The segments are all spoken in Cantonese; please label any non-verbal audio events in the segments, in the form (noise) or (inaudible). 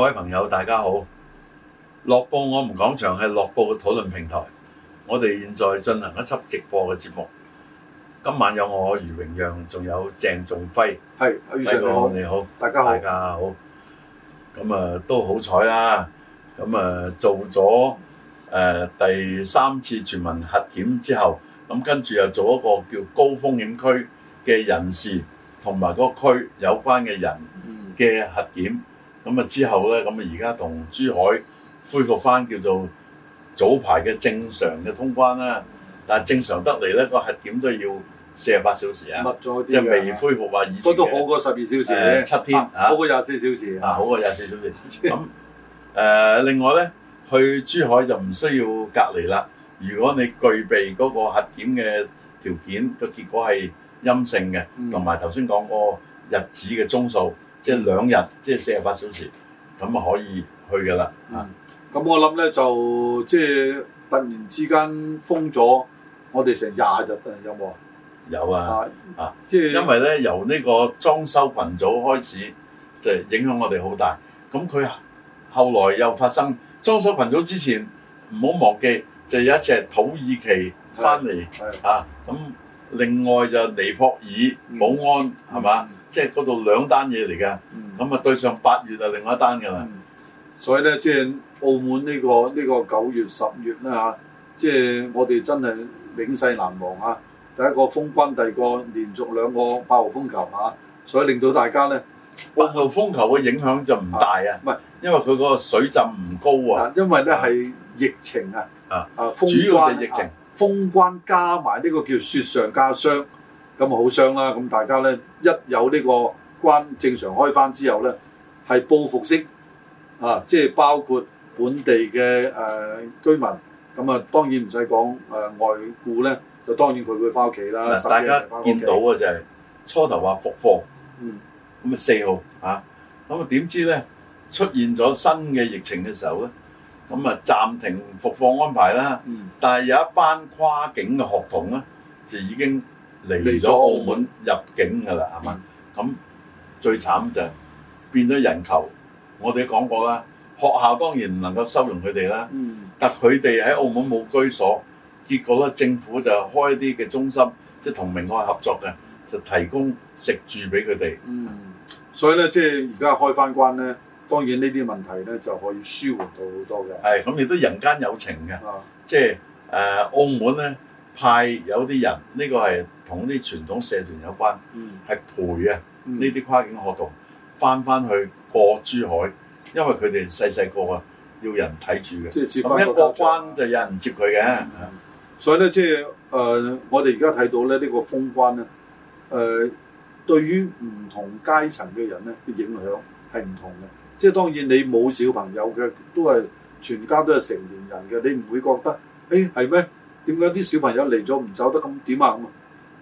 各位朋友，大家好！樂報我們講場係樂報嘅討論平台，我哋現在進行一輯直播嘅節目。今晚有我余榮陽，仲有鄭仲輝，係余常我你好，大家好，大家好。咁啊，都好彩啊！咁啊，做咗誒第三次全民核檢之後，咁跟住又做一個叫高風險區嘅人士同埋嗰個區有關嘅人嘅核檢。咁啊之後咧，咁啊而家同珠海恢復翻叫做早排嘅正常嘅通關啦。但係正常得嚟咧，個核檢都要四十八小時啊，即係未恢復話以前嘅，都好過十二小時，七天，好過廿四小時。啊，好過廿四小時。咁誒，另外咧，去珠海就唔需要隔離啦。如果你具備嗰個核檢嘅條件，個結果係陰性嘅，同埋頭先講過日子嘅鐘數。即係兩日，即係四十八小時，咁啊可以去㗎啦嚇。咁、嗯、我諗咧就即係突然之間封咗，我哋成廿日都有冇有？有啊，係啊，即係係因為咧由呢個裝修群組開始，就影響我哋好大。咁佢後來又發生裝修群組之前，唔好忘記，就有一隻土耳其翻嚟啊。咁另外就尼泊爾、保安係嘛？嗯吧即係嗰度兩單嘢嚟㗎，咁啊、嗯、對上八月就另一單㗎啦，所以咧即係澳門呢、呢個呢、呢個九月十月咧嚇、啊，即係我哋真係永世難忘啊！第一個封關，第二個連續兩個八號風球嚇、啊，所以令到大家咧八號風球嘅影響就唔大啊，唔係、啊、因為佢個水浸唔高啊，啊，因為咧係、啊、疫情啊啊啊主要就疫情封、啊、關加埋呢個叫雪上加霜。咁啊好傷啦！咁大家咧一有呢個關正常開翻之後咧，係報復式啊，即係包括本地嘅誒、呃、居民，咁啊當然唔使講誒外僑咧，就當然佢會翻屋企啦。大家見到啊、就係，就係、嗯、初頭話復課，嗯，咁啊四號啊，咁啊點知咧出現咗新嘅疫情嘅時候咧，咁啊暫停復課安排啦，嗯、但係有一班跨境嘅學童咧就已經。嚟咗澳門入境㗎啦，係嘛？咁最慘就變咗人球，我哋講過啦，學校當然唔能夠收容佢哋啦。嗯。但佢哋喺澳門冇居所，結果咧政府就開一啲嘅中心，即係同明愛合作嘅，就提供食住俾佢哋。嗯。所以咧，即係而家開翻關咧，當然呢啲問題咧就可以舒緩到好多嘅。係，咁亦都人間有情嘅。哦。即係誒澳門咧。派有啲人，呢、這個係同啲傳統社團有關，係、嗯、陪啊呢啲跨境學童翻翻去過珠海，因為佢哋細細個啊，要人睇住嘅。即咁、嗯、一過關就有人接佢嘅、嗯。所以咧、就是，即係誒，我哋而家睇到咧，這個、呢個封關咧，誒、呃，對於唔同階層嘅人咧嘅影響係唔同嘅。即、就、係、是、當然你冇小朋友嘅，都係全家都係成年人嘅，你唔會覺得，誒係咩？點解啲小朋友嚟咗唔走得咁點啊？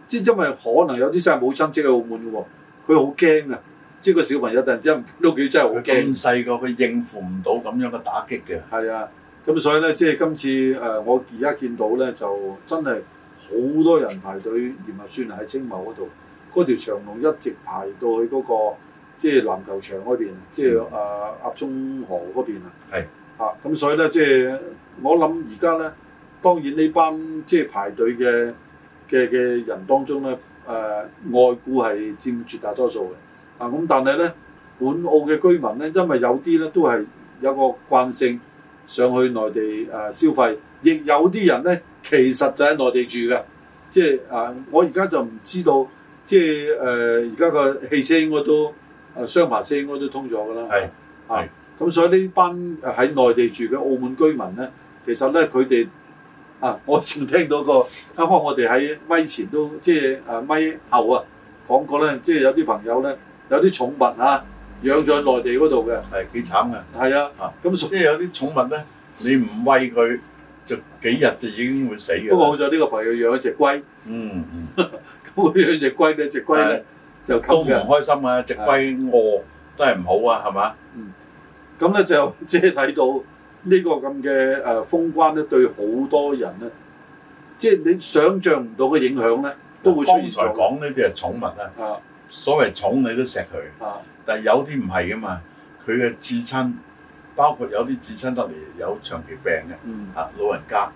即係因為可能有啲真係冇親戚即係澳門嘅喎，佢好驚啊！即、這、係個小朋友突然之間，老幾真係好驚。咁細個佢應付唔到咁樣嘅打擊嘅。係啊，咁所以咧，即係今次誒、呃，我而家見到咧，就真係好多人排隊驗核酸喺青茂嗰度，嗰條長龍一直排到去嗰、那個即係籃球場嗰邊，即係誒鴨湧河嗰邊啊。係啊，咁所以咧，即係我諗而家咧。當然呢班即係排隊嘅嘅嘅人當中咧，誒、呃、外僱係佔絕大多數嘅。啊，咁但係咧，本澳嘅居民咧，因為有啲咧都係有個慣性上去內地誒、啊、消費，亦有啲人咧其實就喺內地住嘅。即、啊、係啊，我而家就唔知道，即係誒而家個汽車應該都雙牌、啊、車應該都通咗噶啦。係，係。咁、啊、所以呢班喺內地住嘅澳門居民咧，其實咧佢哋。啊！我仲聽到個，啱啱我哋喺咪前都即係啊咪後啊講過咧，即、就、係、是、有啲朋友咧，有啲寵物啊養咗喺內地嗰度嘅，係幾、嗯、慘嘅，係啊，咁所以有啲寵物咧，你唔餵佢就幾日就已經會死嘅。不過好就呢個朋友養咗隻龜，嗯咁我養隻龜咧，隻龜咧就都唔開心啊，隻龜餓都係唔好啊，係嘛、嗯嗯？嗯，咁咧就即係睇到。呢個咁嘅誒封關咧，對好多人咧，即係你想象唔到嘅影響咧，都會出現。剛才講呢啲係寵物啊，所謂寵你都錫佢，啊、但係有啲唔係噶嘛，佢嘅至親，包括有啲至親得嚟有長期病嘅，嗯、啊老人家，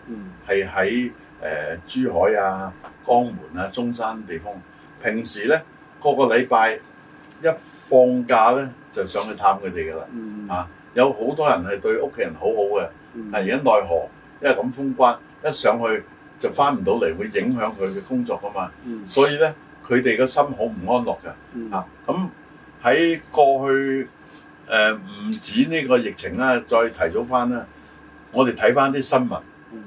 係喺誒珠海啊、江門啊、中山地方，平時咧個個禮拜一放假咧就上去探佢哋噶啦，啊。有好多人係對屋企人好好嘅，但而家奈何，因為咁封關，一上去就翻唔到嚟，會影響佢嘅工作㗎嘛。嗯、所以咧，佢哋個心好唔安樂㗎。嗯、啊，咁喺過去誒唔、呃、止呢個疫情啦，再提早翻啦，我哋睇翻啲新聞，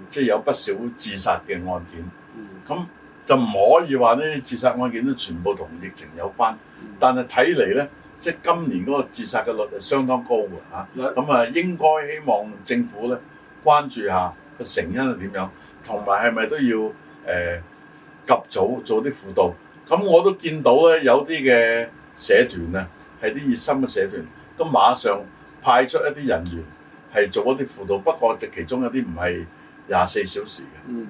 即係、嗯、有不少自殺嘅案件。咁、嗯嗯、就唔可以話呢啲自殺案件都全部同疫情有關，嗯嗯、但係睇嚟咧。即係今年嗰個自殺嘅率係相當高嘅嚇，咁的啊，應該希望政府咧關注下個成因係點樣，同埋係咪都要誒及早做啲輔導？咁我都見到咧有啲嘅社團咧，係啲熱心嘅社團都馬上派出一啲人員係做一啲輔導，不過其中有啲唔係廿四小時嘅，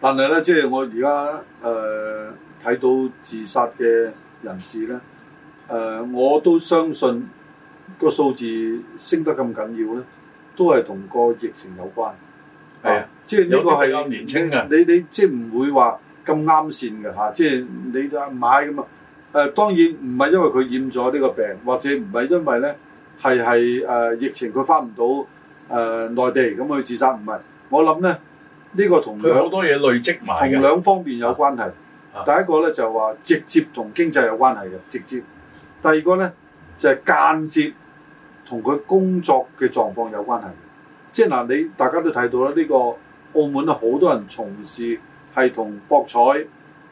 但係咧即係我而家誒睇到自殺嘅人士咧。誒、呃，我都相信個數字升得咁緊要咧，都係同個疫情有關。係啊，啊，即係呢個係年輕人。你你即係唔會話咁啱線嘅嚇，即係、啊、你都買咁啊誒，當然唔係因為佢染咗呢個病，或者唔係因為咧係係誒疫情佢返唔到誒內地咁去自殺，唔係。我諗咧呢、呢個同佢好多嘢累積埋，同兩方面有關係。啊啊、第一個咧就係話直接同經濟有關係嘅直接。直接第二個咧就係、是、間接同佢工作嘅狀況有關係嘅，即係嗱你大家都睇到啦，呢、這個澳門啊好多人從事係同博彩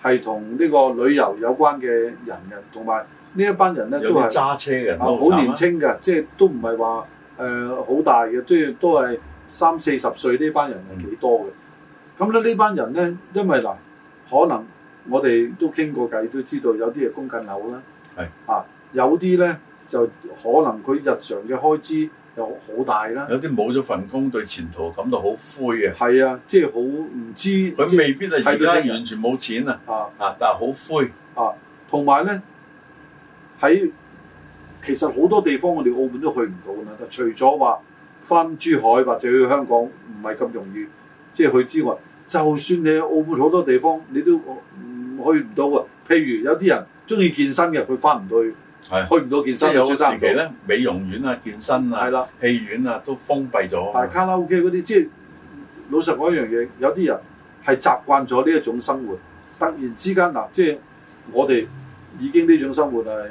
係同呢個旅遊有關嘅人嘅，同埋呢一班人咧都係揸車嘅好年輕嘅，即係都唔係話誒好大嘅，即係都係三四十歲、嗯、呢班人係幾多嘅。咁咧呢班人咧，因為嗱可能我哋都傾過偈，都知道有啲係供緊樓啦，係是啊。有啲咧就可能佢日常嘅開支又好大啦。有啲冇咗份工，對前途感到好灰嘅。係啊，即係好唔知。佢是未必係而家完全冇錢啊！啊，但係好灰。啊，同埋咧喺其實好多地方我哋澳門都去唔到啦。除咗話翻珠海或者去香港唔係咁容易，即係去之外，就算你喺澳門好多地方你都唔、嗯、去唔到啊。譬如有啲人中意健身嘅，佢翻唔到。係開唔到健身嘅時期咧，美容院啊、健身啊、戲院啊都封閉咗。但係卡拉 OK 嗰啲，即、就、係、是、老實講一樣嘢，有啲人係習慣咗呢一種生活，突然之間嗱，即係我哋已經呢種生活係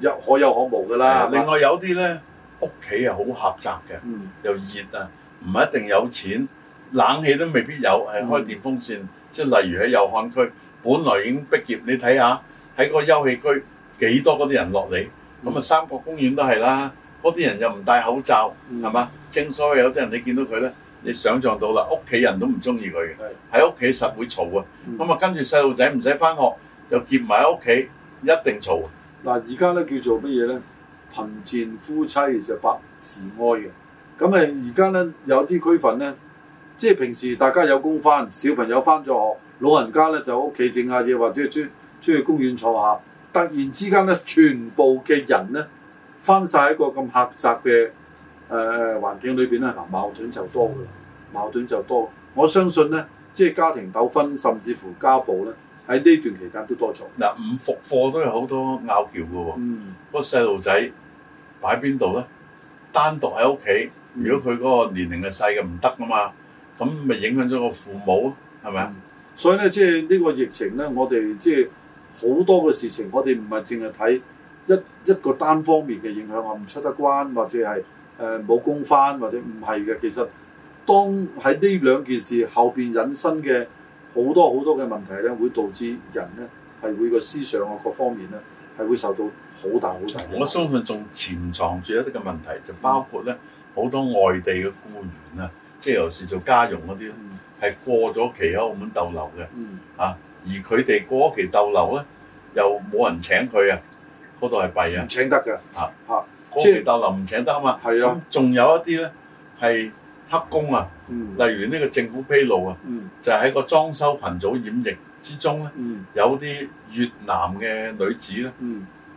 有可有可無㗎啦。的但另外有啲咧屋企係好狹窄嘅，嗯、又熱啊，唔係一定有錢，冷氣都未必有，係、嗯、開電風扇。即係例如喺油漢區，本來已經逼夾，你睇下喺個休息區。幾多嗰啲人落嚟，咁啊、嗯，三角公園都係啦。嗰啲人又唔戴口罩，係嘛、嗯？正所謂有啲人你見到佢咧，你想象到啦，屋企人都唔中意佢嘅，喺屋企實會嘈啊。咁啊、嗯，跟住細路仔唔使返學，又結埋喺屋企，一定嘈啊。嗱，而家咧叫做乜嘢咧？貧賤夫妻就百事哀嘅。咁啊，而家咧有啲區份咧，即係平時大家有工返，小朋友返咗學，老人家咧就屋企整下嘢，或者出出去公園坐下。突然之間咧，全部嘅人咧，翻晒喺個咁狹窄嘅誒、呃、環境裏邊咧，嗱，矛盾就多嘅，矛盾就多，矛盾就多。我相信咧，即係家庭糾紛，甚至乎家暴咧，喺呢段期間都多咗。嗱、啊，五復課都有好多拗撬嘅喎，嗰細路仔擺邊度咧？單獨喺屋企，如果佢嗰個年齡嘅細嘅唔得啊嘛，咁咪、嗯、影響咗個父母啊？係咪啊？所以咧，即係呢個疫情咧，我哋即係。好多嘅事情，我哋唔係淨係睇一一個單方面嘅影響，我唔出得關，或者係誒冇工返，或者唔係嘅，其實當喺呢兩件事後邊引申嘅好多好多嘅問題咧，會導致人咧係會個思想啊各方面咧係會受到好大好大。我相信仲潛藏住一啲嘅問題，就包括咧好多外地嘅官員啊，即係有時做家傭嗰啲咧，係、嗯、過咗期喺澳門逗留嘅，啊。而佢哋過期逗留咧，又冇人請佢啊，嗰度係弊啊！唔請得嘅啊啊！過期逗留唔請得啊嘛，係啊是。仲、嗯、有一啲咧係黑工啊，嗯、例如呢個政府披露啊，嗯、就喺個裝修群組演繹之中咧，嗯、有啲越南嘅女子咧，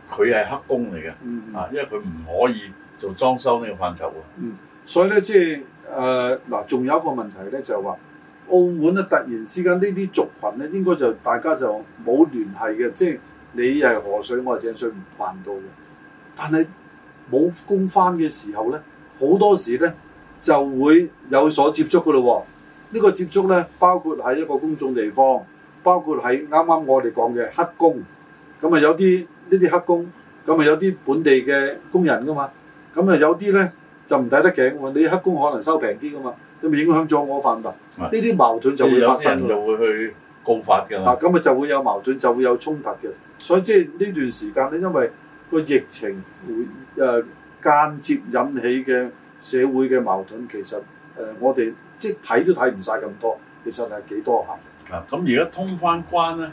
佢係、嗯、黑工嚟嘅啊，嗯、因為佢唔可以做裝修呢個範疇喎、嗯。所以咧，即係誒嗱，仲有一個問題咧、就是，就係話澳門啊，突然之間呢啲族羣。咧應該就大家就冇聯繫嘅，即係你係河水，我係井水，唔犯到嘅。但係冇工返嘅時候咧，好多時咧就會有所接觸嘅咯、哦。喎，呢個接觸咧，包括喺一個公眾地方，包括喺啱啱我哋講嘅黑工。咁啊，有啲呢啲黑工，咁啊有啲本地嘅工人噶嘛。咁啊有啲咧就唔抵得頸喎，你黑工可能收平啲噶嘛，咁咪影響咗我犯達。呢啲是矛盾就會發生，有啲人就會去。高發嘅，嗱咁啊就會有矛盾，就會有衝突嘅。所以即係呢段時間咧，因為個疫情會誒間接引起嘅社會嘅矛盾，其實誒我哋即係睇都睇唔晒咁多，其實係幾多下。咁而家通翻關咧，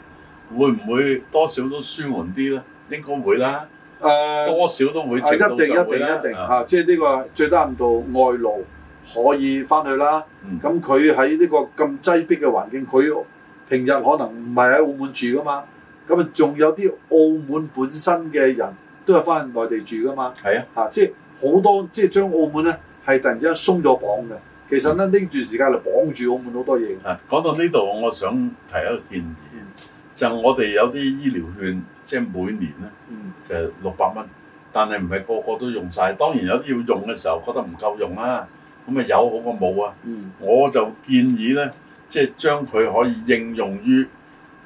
會唔會多少都舒緩啲咧？應該會啦。誒，多少都會一定一定一定，啊，即係呢個最低限度外勞可以翻去啦。咁佢喺呢個咁擠逼嘅環境，佢。平日可能唔係喺澳門住噶嘛，咁啊仲有啲澳門本身嘅人都係翻內地住噶嘛，係啊，嚇、啊、即係好多即係將澳門咧係突然之間鬆咗綁嘅，其實咧呢段、嗯、時間嚟綁住澳門好多嘢嘅。啊，講到呢度，我想提一個建議，就是、我哋有啲醫療券，即、就、係、是、每年咧、嗯、就係六百蚊，但係唔係個個都用晒。當然有啲要用嘅時候覺得唔夠用啦、啊，咁啊有好過冇啊，嗯、我就建議咧。即係將佢可以應用於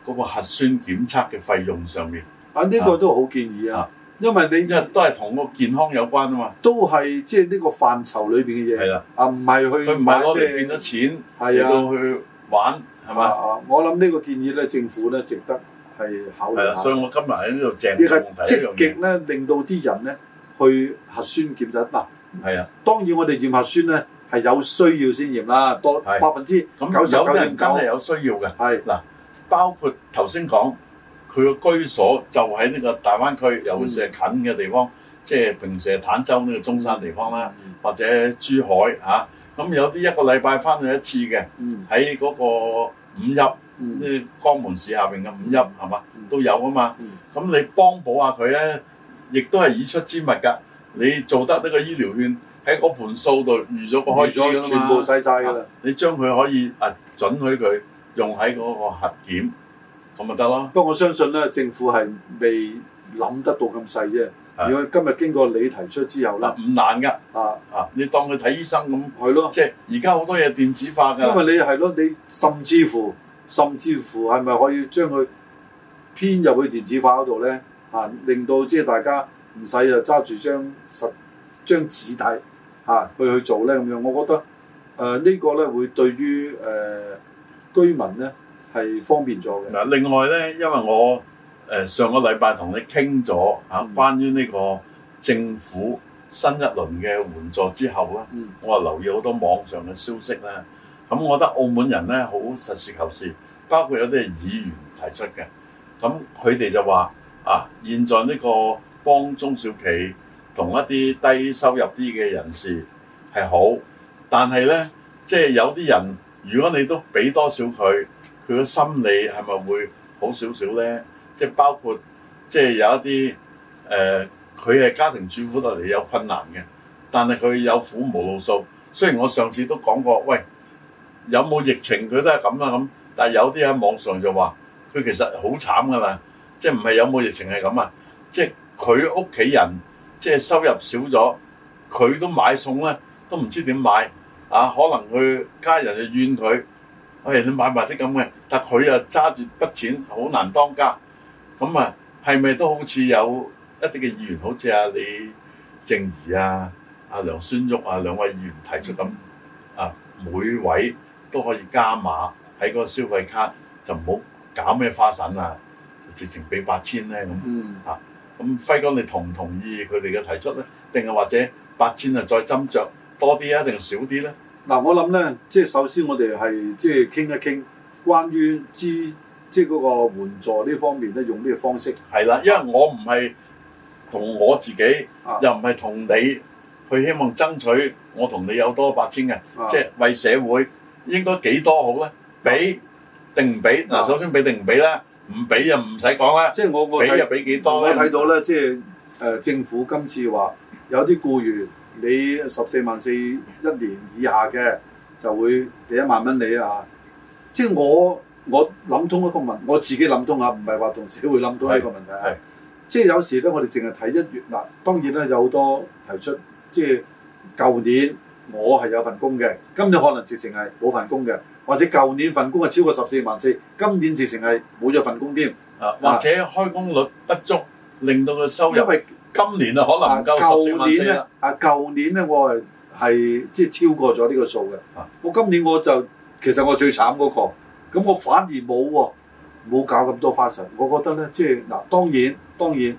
嗰個核酸檢測嘅費用上面。啊，呢個都好建議啊，因為你都係同個健康有關啊嘛。都係即係呢個範疇裏邊嘅嘢。係啦。啊，唔係去。佢唔係攞嚟變咗錢，係啊去玩係嘛？我諗呢個建議咧，政府咧值得係考慮。係所以我今日喺呢度正題。依家積極咧，令到啲人咧去核酸檢測啦。係啊，當然我哋驗核酸咧。係有需要先驗啦，多百分之，咁有啲人真係有需要嘅。係嗱，包括頭先講佢個居所就喺呢個大灣區，尤其是近嘅地方，即係平時係坦洲呢個中山地方啦，或者珠海嚇。咁有啲一個禮拜翻去一次嘅，喺嗰個五邑，呢江門市下邊嘅五邑係嘛都有啊嘛。咁你幫補下佢咧，亦都係已出之物㗎。你做得呢個醫療圈。喺嗰盤數度預咗個開支，全部使晒噶啦。你將佢可以啊準許佢用喺嗰個核檢，咁咪得咯。不過我相信咧，政府係未諗得到咁細啫。如果的今日經過你提出之後咧，唔難嘅。啊啊的！你當佢睇醫生咁，係咯的。即係而家好多嘢電子化噶。因為你係咯，你甚至乎甚至乎係咪可以將佢編入去電子化嗰度咧？嚇，令到即係大家唔使就揸住張實。將紙帶嚇去去做咧，咁樣我覺得誒呢、呃這個咧會對於誒、呃、居民咧係方便咗嘅。嗱，另外咧，因為我誒、呃、上個禮拜同你傾咗嚇關於呢個政府新一輪嘅援助之後咧，嗯、我話留意好多網上嘅消息咧，咁、嗯嗯、我覺得澳門人咧好實事求是，包括有啲係議員提出嘅，咁佢哋就話啊，現在呢個幫中小企。同一啲低收入啲嘅人士係好，但係咧，即係有啲人，如果你都俾多少佢，佢嘅心理係咪會好少少咧？即係包括即係有一啲誒，佢、呃、係家庭主婦落嚟有困難嘅，但係佢有苦無路訴。雖然我上次都講過，喂，有冇疫情佢都係咁啦，咁，但係有啲喺網上就話佢其實好慘㗎喇，即係唔係有冇疫情係咁啊？即係佢屋企人。即係收入少咗，佢都買餸咧，都唔知點買。啊，可能佢家人就怨佢，哎，你買埋啲咁嘅，但佢又揸住筆錢，好難當家。咁啊，係咪都好似有一啲嘅議員，好似阿、啊、李靜怡啊、阿、啊、梁孫旭、啊、啊兩位議員提出咁啊，每位都可以加碼喺個消費卡，就唔好搞咩花神啊，直情俾八千咧咁啊。嗯咁輝哥，你同唔同意佢哋嘅提出咧？定係或者八千啊，再斟酌多啲啊，定少啲咧？嗱，我諗咧，即係首先我哋係即係傾一傾關於資即係嗰個援助呢方面咧，用咩方式？係啦，因為我唔係同我自己，的又唔係同你，去希望爭取我同你有多八千嘅，的即係為社會應該幾多好咧？俾定唔俾？嗱的，首先俾定唔俾啦？唔俾就唔使講啦，即係 (noise) (noise) 我我睇我睇到咧，即係誒政府今次話有啲僱員你十四萬四一年以下嘅就會俾一萬蚊你啊，即 (noise) 係、 (noise) 就是、我我諗通一個問題， (noise) 我自己諗通啊，唔係話同時都會諗通呢個問題啊，即係有時咧我哋淨係睇一月嗱， (noise) 當然咧有好多提出，即係舊年我係有份工嘅，今年可能直情係冇份工嘅。 (noise) (noise) 或者舊年份工係超過十四萬四，今年直情係冇咗份工添。啊，或者開工率不足，令到佢收入因為今年啊可能夠十四萬四啊，舊年咧、啊、我係係即係超過咗呢個數嘅。啊、我今年我就其實我最慘嗰個，咁我反而冇喎，冇搞咁多花神。我覺得咧，即係嗱，當然當然，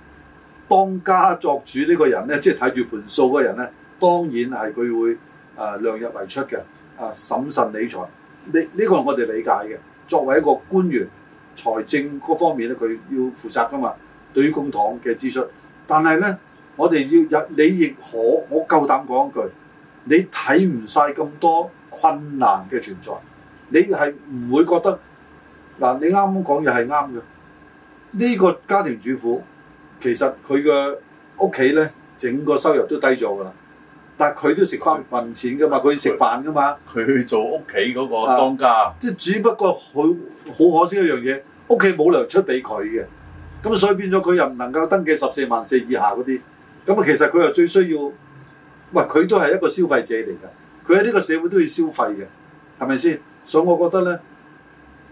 當家作主呢個人咧，即係睇住盤數嘅人咧，當然係佢會啊量入為出嘅，啊審慎理財。你呢個係我哋理解嘅，作為一個官員、財政嗰方面咧，佢要負責噶嘛。對於公帑嘅支出，但係咧，我哋要有你亦可，我夠膽講一句，你睇唔晒咁多困難嘅存在，你係唔會覺得嗱，你啱啱講嘢係啱嘅。呢、呢個家庭主婦其實佢嘅屋企咧，整個收入都低咗噶啦。但佢都食翻份錢噶嘛，佢食他飯噶嘛，佢去做屋企嗰個當家、啊，即係只不過佢好可惜一樣嘢，屋企冇糧出俾佢嘅，咁所以變咗佢又唔能夠登記十四萬四以下嗰啲，咁啊其實佢又最需要，喂，佢都係一個消費者嚟噶，佢喺呢個社會都要消費嘅，係咪先？所以我覺得咧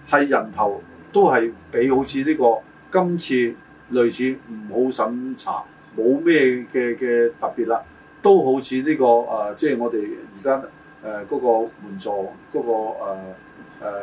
係人頭都係俾好似呢、這個今次類似唔好審查，冇咩嘅嘅特別啦。都好似呢、呢個誒、呃，即係我哋而家誒嗰個援助嗰個誒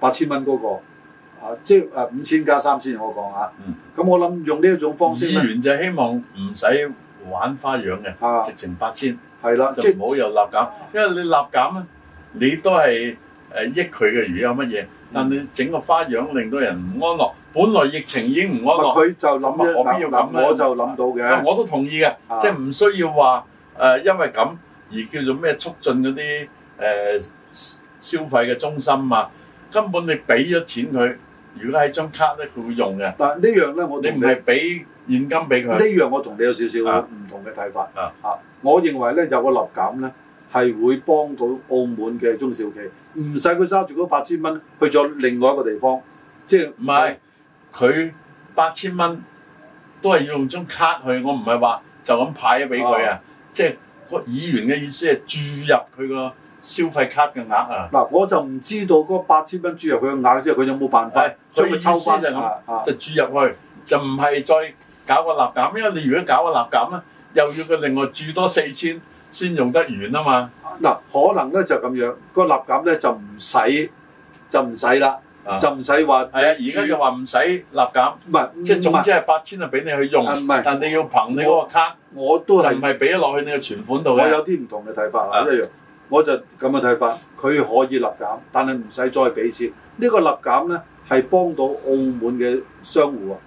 八千蚊嗰、嗰個啊，即係誒五千加三千，我講下。嗯。咁我諗用呢一種方式咧。就希望唔使玩花樣嘅，啊、直情八千。係啦的。就唔好又立減，啊、因為你立減咧，你都係。誒益佢嘅原因有乜嘢？啊嗯、但你整個花樣令到人唔安樂，嗯、本來疫情已經唔安樂，佢就諗咁，何必要諗想我就諗到嘅，我都同意嘅，啊、即係唔需要話誒、呃，因為咁而叫做咩促進嗰啲誒消費嘅中心啊！根本你俾咗錢佢，如果喺張卡咧，佢會用嘅。但呢樣咧，我哋唔係俾現金俾佢。呢樣我同你有少少唔同嘅睇法。啊，啊，嚇！我認為咧有個立減咧。係會幫到澳門嘅中小企，唔使佢揸住嗰八千蚊去咗另外一個地方，即係唔係佢八千蚊都係要用張卡去，我唔係話就咁派咗俾佢啊，即係個議員嘅意思係注入佢個消費卡嘅額啊。嗱，我就唔知道嗰八千蚊注入佢個額之後，佢有冇辦法可以抽翻啊？就咁，就注入去，就唔係再搞個立減，因為你如果搞個立減咧，又要佢另外注多四千。先用得完啊嘛！嗱，啊，可能咧就咁樣，個立減咧就唔使，就唔使啦，就唔使話。係啊，而家就話唔使立減，唔係，即係總之係八千就俾你去用，唔係，但你要憑你嗰個卡，我，我都係唔係俾咗落去你嘅存款度。我有啲唔同嘅睇法啦，係啊，一樣，我就咁嘅睇法。佢可以立減，但係唔使再俾錢。呢個立減咧係幫到澳門嘅商戶啊！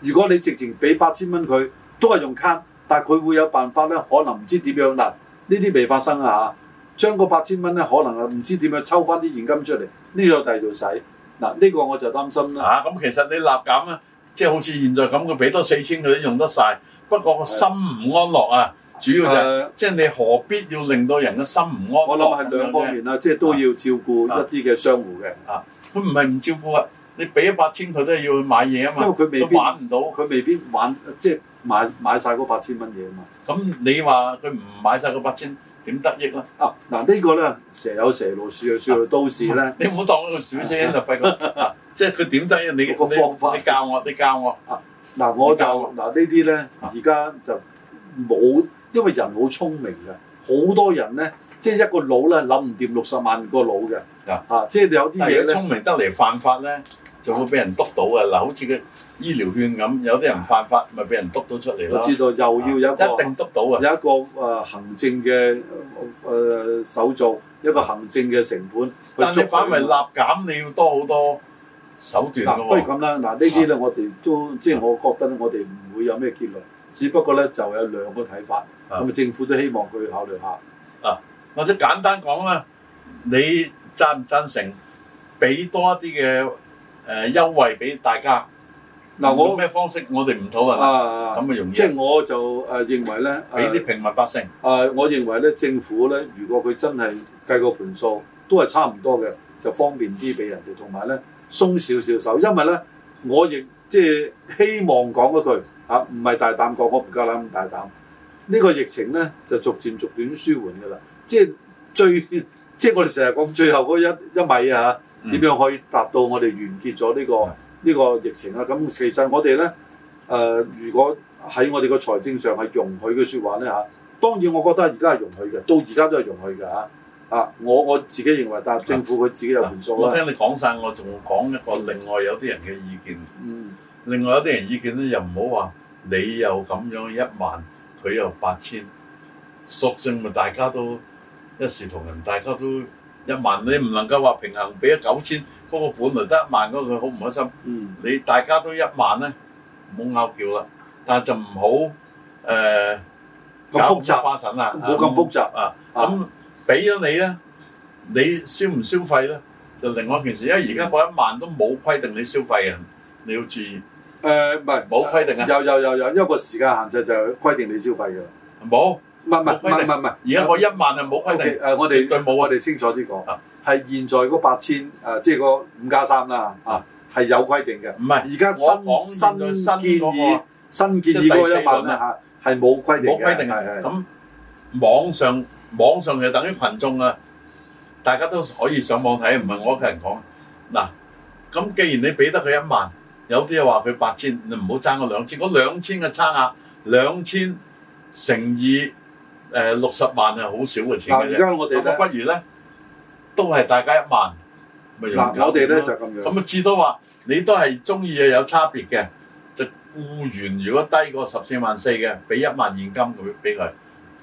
如果你直情俾八千蚊佢，都係用卡，但係佢會有辦法咧，可能唔知點樣立。呢啲未發生啊！將個八千蚊咧，可能係唔知點樣抽翻啲現金出嚟，呢、這個第二度使，嗱，呢、這個我就擔心啦。啊，咁、嗯、其實你立減咧，即係好似現在咁，佢俾多四千佢都用得晒。不過個心唔安樂啊，啊主要就係啊、即係你何必要令到人嘅心唔安，我諗係兩方面啦，啊、即係都要照顧一啲嘅商戶嘅啊。佢唔係唔照顧啊，不不顧，你俾咗八千佢都係要去買嘢啊嘛。因為佢未必玩唔到，佢未必玩即係。買買晒嗰八千蚊嘢啊嘛，咁你話佢唔買晒嗰八千點得益呀？啊嗱、這個、呢個咧蛇有蛇路，鼠有鼠路，啊、都市咧。你唔好當一個鼠精就費咁，即係佢點得益？你個方法你，你教我，你教我。嗱、啊、我就嗱呢啲咧，而家就冇，因為人好聰明嘅，好多人咧，即係一個腦咧諗唔掂六十萬個腦嘅。啊，啊，即係你有啲嘢咧聰明得嚟犯法咧，就會俾人督到嘅。嗱，好似佢。醫療券咁有啲人犯法，咪俾人督到出嚟咯。我知道又要有一、啊、一定督到啊！有一個誒、呃、行政嘅誒、呃、手續，一個行政嘅成本但是。但你反為立減，你要多好多手段咯。不如咁啦，嗱、啊、呢啲咧， 我哋都即係、啊、我覺得我哋唔會有咩結論。只不過咧就有兩個睇法，咁啊，啊政府都希望佢考慮下啊。或者簡單講啦，你贊唔贊成俾多一啲嘅誒優惠俾大家？嗱，我咩方式我哋唔討啊，咁咪容易？即係我就誒認為咧，俾啲平民百姓誒，我認為咧，政府咧，如果佢真係計個盤數，都係差唔多嘅，就方便啲俾人哋，同埋咧鬆少少手，因為咧，我亦即係希望講一句嚇，唔、啊、係大膽講，我唔夠膽咁大膽。呢、呢個疫情咧就逐漸逐漸舒緩嘅啦，即係最即係我哋成日講最後嗰一一米啊，點、嗯、樣可以達到我哋完結咗呢、呢個？嗯呢個疫情啊，咁其實我哋呢，誒、呃、如果喺我哋個財政上係容許嘅説話呢，嚇、啊，當然我覺得而家係容許嘅，到而家都係容許嘅。嚇。啊，我我自己認為，但政府佢自己有權數、啊啊、我聽你講晒，我仲講一個另外有啲人嘅意見。嗯。另外有啲人意見呢，又唔好話你又咁樣一萬，佢又八千，索性咪大家都一視同仁，大家都。一萬你唔能夠話平衡，俾咗九千，嗰個本來得一萬嗰個佢好唔開心。嗯，你大家都一萬咧，唔好拗撬啦，但係就唔好誒咁複雜花神啦，冇咁複雜啊。咁俾咗你咧，你消唔消費咧，就另外一件事，因為而家嗰一萬都冇規定你消費嘅，你要注意。誒唔係冇規定啊，有有有有，一個時間限制就係規定你消費嘅啦，冇。唔係唔係唔係唔係，而家我一萬就冇規定，誒我哋絕對冇我哋清楚啲講，係現在嗰八千誒，即係個五加三啦，啊係有規定嘅，唔係而家新新建議新建議嗰一萬咧嚇，係冇規定，冇規定。係係咁，網上網上係等於群眾啊，大家都可以上網睇，唔係我一個人講嗱。咁既然你俾得佢一萬，有啲又話佢八千，你唔好爭我兩千，嗰兩千嘅差額兩千乘以。誒六十萬係好少嘅錢嘅啫，我呢不如咧都係大家一萬，咪我哋咧就咁樣，咁啊至多話你都係中意啊有差別嘅，就雇員如果低過十四萬四嘅，俾一萬現金佢，俾佢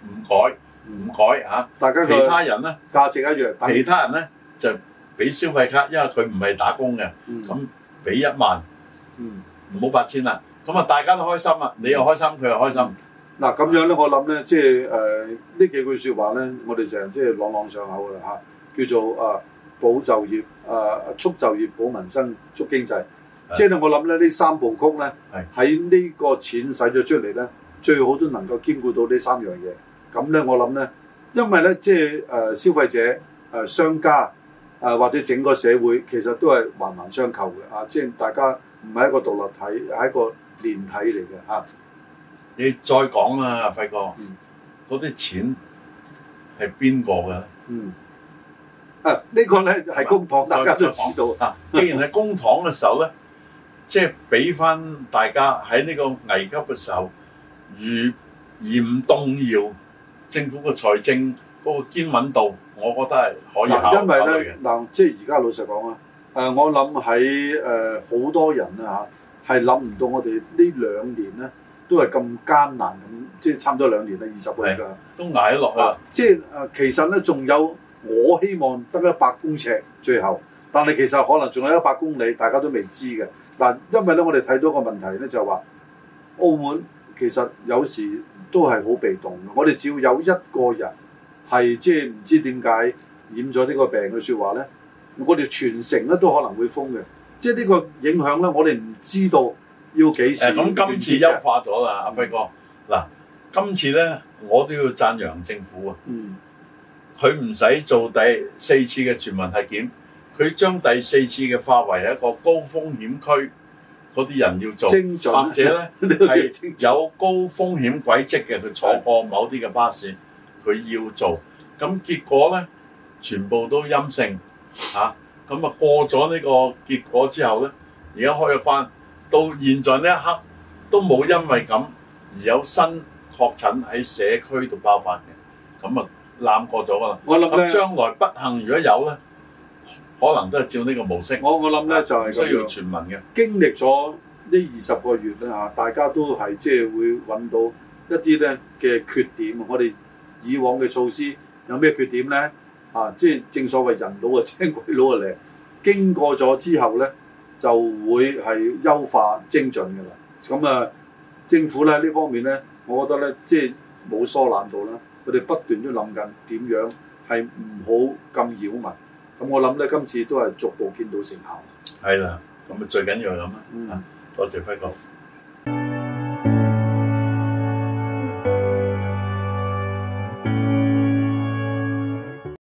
唔改唔改嚇。但係、嗯啊、其他人咧價值一樣。其他人咧就俾消費卡，因為佢唔係打工嘅，咁俾、嗯、一萬，唔好八千啦。咁啊大家都開心啊，你又開心，佢又開心。嗱咁樣咧、就是呃，我諗咧，即係誒呢幾句說話咧，我哋成日即係朗朗上口嘅嚇，叫做誒、啊、保就業、誒、啊、促就業、保民生、促經濟。即係是的 我諗咧，三呢三部曲咧，喺呢是的 個錢使咗出嚟咧，最好都能夠兼顧到呢三樣嘢。咁咧，我諗咧，因為咧，即係誒、呃、消費者、誒、呃、商家、誒、呃、或者整個社會，其實都係環環相扣嘅啊！即、就、係、是、大家唔係一個獨立體，係一個連體嚟嘅嚇。啊。你再講啊，阿輝哥，嗰啲、嗯、錢係邊個嘅咧？嗯，啊，這個、呢個咧係公帑大家都知道啊。 (laughs) 既然係公帑嘅時候咧，即係俾翻大家喺呢個危急嘅時候，如唔動搖政府嘅財政嗰、那個堅穩度，我覺得係可以考慮嘅。嗱，即係而家老實講啊，誒，我諗喺誒好多人啊嚇，係諗唔到我哋呢兩年咧。都係咁艱難，咁即係差唔多兩年啦，二十個月啦，都捱落去。即係誒，其實咧仲有，我希望得一百公尺最後，但係其實可能仲有一百公里，大家都未知嘅。但因為咧我哋睇到個問題咧就係話，澳門其實有時都係好被動嘅。我哋只要有一個人係即係唔知點解染咗呢個病嘅説話咧，我哋全城咧都可能會封嘅。即係呢個影響咧，我哋唔知道。要幾時？誒，咁今次優化咗啦，阿輝哥。嗱，今次咧，我都要讚揚政府啊。嗯。佢唔使做第四次嘅全民體檢，佢將第四次嘅化為一個高風險區，嗰啲人要做，或者咧係有高風險軌跡嘅，佢坐過某啲嘅巴士，佢要做。咁結果咧，全部都陰性嚇。咁啊，過咗呢個結果之後咧，而家開一關。到現在呢一刻，都冇因為咁而有新確診喺社區度爆發嘅，咁啊攬過咗啦。我諗咧，將來不幸如果有咧，可能都係照呢個模式。我我諗咧就係、是、需要全民嘅。經歷咗呢二十個月啦，大家都係即係會揾到一啲咧嘅缺點。我哋以往嘅措施有咩缺點咧？啊，即、就、係、是、正所謂人老啊精鬼老啊嚟，經過咗之後咧，就會係優化精準嘅啦，咁啊政府咧呢方面咧，我覺得咧即係冇疏懶到啦，佢哋不斷都諗緊點樣係唔好咁擾民，咁我諗咧今次都係逐步見到成效。係啦，咁啊最緊要係咁啊，我、嗯、多謝輝哥。